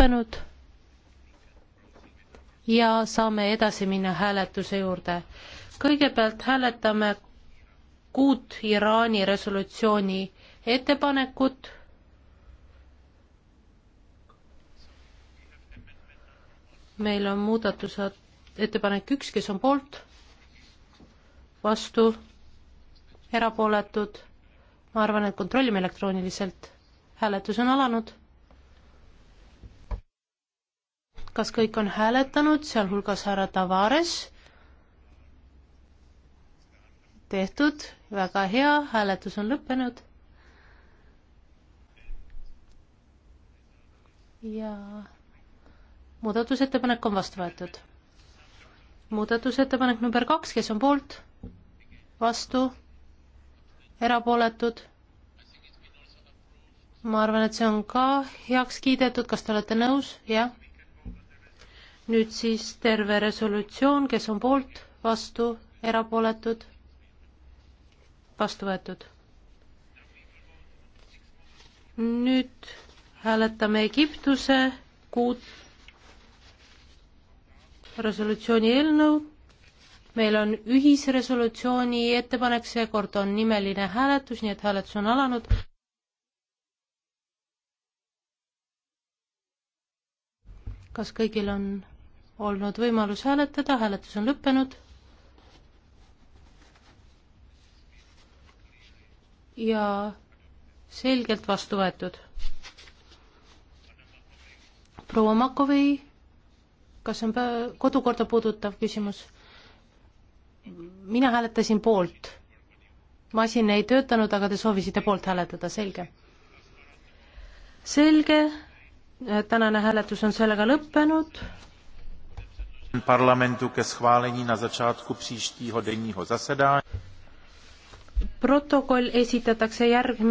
lõppenud ja saame edasi minna hääletuse juurde. kõigepealt hääletame kuut Iraani resolutsiooni ettepanekut. meil on muudatuse ettepanek üks, kes on poolt, vastu, erapooletud. ma arvan, et kontrollime elektrooniliselt. hääletus on alanud kas kõik on hääletanud, sealhulgas härra Tavares? tehtud, väga hea, hääletus on lõppenud. ja muudatusettepanek on vastu võetud. muudatusettepanek number kaks, kes on poolt, vastu, erapooletud ma arvan, et see on ka heaks kiidetud, kas te olete nõus, jah? nüüd siis terve resolutsioon, kes on poolt, vastu, erapooletud, vastu võetud. nüüd hääletame Egiptuse kuut resolutsiooni eelnõu. meil on ühisresolutsiooni ettepanek, seekord on nimeline hääletus, nii et hääletus on alanud. kas kõigil on olnud võimalus hääletada, hääletus on lõppenud. ja selgelt vastu võetud. proua Makovei, kas on kodukorda puudutav küsimus? mina hääletasin poolt. masin ei töötanud, aga te soovisite poolt hääletada, selge. selge, tänane hääletus on sellega lõppenud parlamentu ke schválení na začátku příštího denního zasedání. protokoll esitatakse järgmise